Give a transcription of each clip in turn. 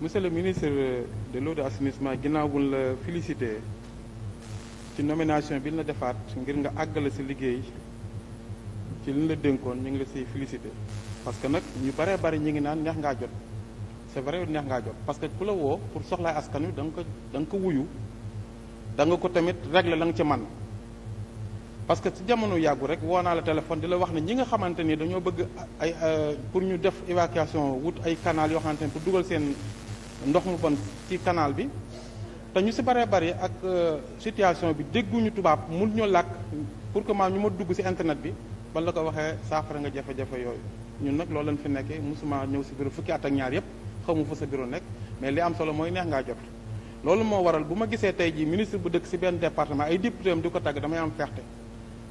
monsieur le ministre de l'eau de assainissement ginnaaw la félicité ci nomination bi ñu la defaat ngir nga àggale si liggéey ci li ñu la dénkoon ñu ngi la siy félicité parce que nag ñu baree bari ñu ngi naan neex ngaa jot c'est vrai neex ngaa jot parce que ku la woo pour soxlaay askan wi da nga ko da nga ko wuyu da ko tamit régler la nga ci man parce que ci jamono yàggu rek woo naa la téléphone di la wax ne ñi nga xamante ni dañoo bëgg ay pour ñu def évacuation wut ay canal yoo xamante ni pour dugal seen ndox mu bon ci canal bi te ñu si bëree bëri ak euh, situation bi dégguñu tubaab mun ñu làkk pour que maam ñu ma dugg si internet bi ban la ko waxee saafara nga jafe-jafe yooyu ñun nag loolu lañ fi nekkee musuma ñëw si bureau fukki at ak ñaar yëpp xamu fa sa bureau nekk mais li am solo mooy neex ngaa jot loolu moo waral bu ma gisee tey jii ministre bu dëkk si benn département ay député am di ko tàgg damay am ferte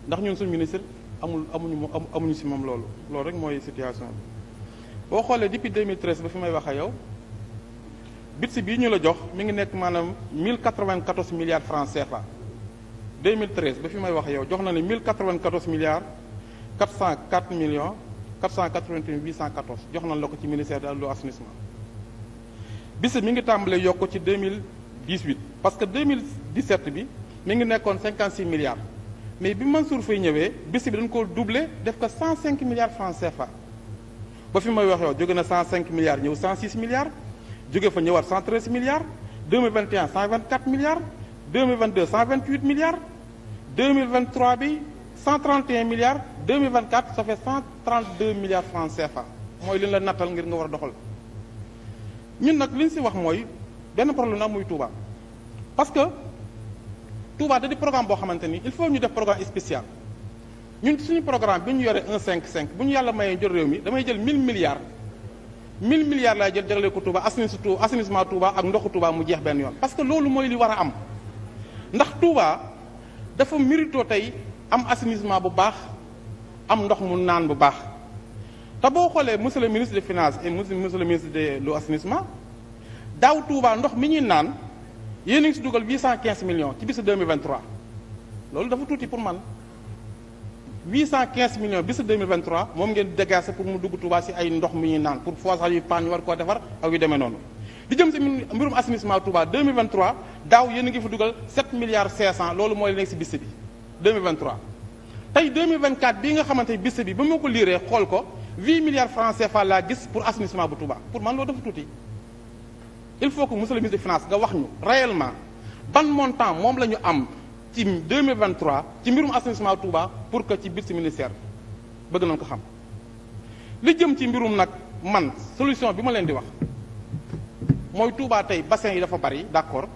ndax ñun suñu ministre amul amuñu mu amuñu si moom loolu loolu rek mooy situation bi boo xoolee depuis 2013 ba fi may wax a yow bitsi bii ñu la jox mi ngi nekk maanaam 1094 milliards francs CFA 2013 ba fi may wax yow jox na ne 1094 milliards 404 millions 481 814 jox nañ la ko ci ministère de l'assainissement bitsi mi ngi tàmbalee yokk ci 2018 parce que 2017 bi mi ngi nekkoon 56 milliards mais bi Mansour Faye ñëwee bitsi bi dañ ko doubler def ko 105 milliards francs CFA ba fi may wax yow jóge na 105 milliards ñëw 106 milliards jóge fa ñëwaat 113 milliards 2021 124 milliards 2022 128 milliards 2023 bi 131 milliards 2024 ça fait 132 milliards francs CFA mooy li ñu la nattal ngir nga war a doxal ñun nag li ñu si wax mooy benn problème nag muy Touba parce que Touba di programme boo xamante ni il faut ñu def programme spécial ñun suñu programme bi ñu yore un cinq 5 bu ñu yàlla mayee jël réew mi damay jël 1000 milliards. 1000 milliards laay jël jagleel ko Touba assainissement Touba ak ndoxu Touba mu jeex benn yoon. parce que loolu mooy li war a am ndax Touba dafa mérito tey am assainissement bu baax am ndox mu naan bu baax te boo xoolee monsieur le ministre de finances et monsieur le ministre de l' assainissement daaw Touba ndox mi ñuy naan yéen a ngi si dugal quinze millions ci bisu 2023 loolu dafa tuuti pour man. 815 millions bisu 2023 moom ngeen dégagé pour mu dugg Touba si ay ndox mi ñuy naan pour foosal yu paan ñu war koo defar aw yu demee noonu di jëm si mbirum assainissement Touba 2023 daaw yéen a ngi fi dugal 7 milliards 500 loolu mooy nekk si bis bi 2023 tey 2024 bii nga xamante bis bi ba ma ko liiree xool ko 8 milliards francs CFA laa gis pour assainissement bu Touba pour man loolu dafa tuuti il faut que monsieur le ministre des nga wax ñu réellement ban montant moom la am ci 2023 ci mbirum assainissement pour que ci biir si ministère bëgg nañ ko xam li jëm ci mbirum nag man solution bi ma leen di wax mooy Touba tey bassin yi dafa bari d'accord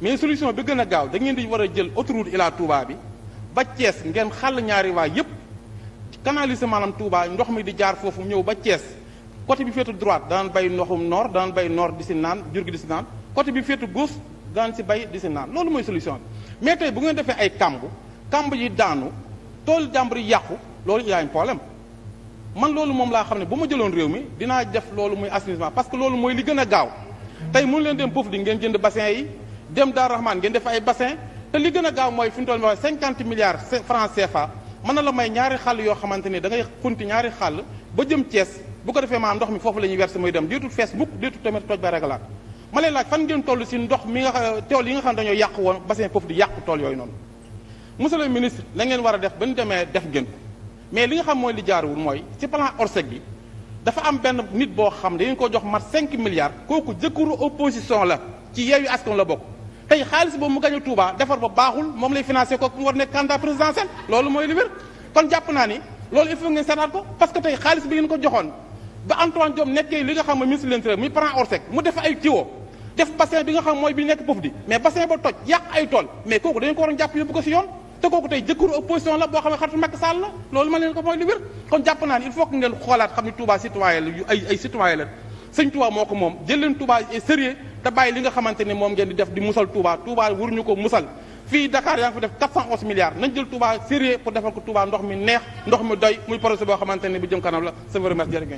mais solution bi gën a gaaw da ngeen di war a jël autoroute Ila Touba bi ba Thiès ngeen xàll ñaari waay yépp canaliser maanaam Touba ndox mi di jaar foofu ñëw ba cees côté bi féetu droite daan bay ndoxum noor daan bay noor di si naan jur gi di si naan côté bi féetu gauche daan si bay di si naan loolu mooy solution bi mais bu ngeen defee ay kamb toolu jàmbur yi yàqu loolu y a un problème man loolu moom laa xam ne bu ma jëloon réew mi dinaa def loolu muy assainissement parce que loolu mooy li gën a gaaw tey mënu leen dem poofu di ngeen jënd bassin yi dem Daaru Rahman ngeen def ay bassin te li gën a gaaw mooy fi mu toll nii cinquante milliards francs CFA mën na la may ñaari xàll yoo xamante ni da ngay xunti ñaari xàll ba jëm Thiès bu ko defee maanaam ndox mi foofu la ñuy verser muy dem déetul fees bukk déetul tamit toj ndox mi nga tool yi nga xam ne yàq woon bassin poofu di yàqu tool yooyu noonu monsieur le ministre la ngeen war a def ba ñu demee def ngeen ko mais li nga xam mooy li jaarul mooy ci plan Orsec bi dafa am benn nit boo xam ne dañu ko jox mat 5 milliards kooku jëkkëru opposition la ci Yewwi Askan la bokk tey xaalis boobu mu gañ a Touba defar ba baaxul moom lay financé ko mu war nekk candidat présidentiel loolu mooy li kon jàpp naa ni loolu il faut ngeen seetaat ko parce que xaalis bi ko joxoon ba Antoine Diome nekkee li nga xam mooy ministre bi nga xam mooy mais ba toj yàq ay tool mais kooku dañu ko waroon jàpp yóbbu te kooku tey jëkkëru opposition la boo xam ne xaritu Macky Sall la loolu ma leen ko mooy lu kon jàpp naa ne il faut que ngeen xoolaat xam ne Touba citoyen ay citoyen la sëñ Touba moo ko moom jël leen Touba sérieux te bàyyi li nga xamante ne moom ngeen di def di musal Touba Touba waruñu ko musal fii Dakar yaa ngi fi def 411 milliards nañ jël Touba sérieux pour defal ko Touba ndox mi neex ndox mi doy muy projet boo xamante ne bu jëm kanam la sa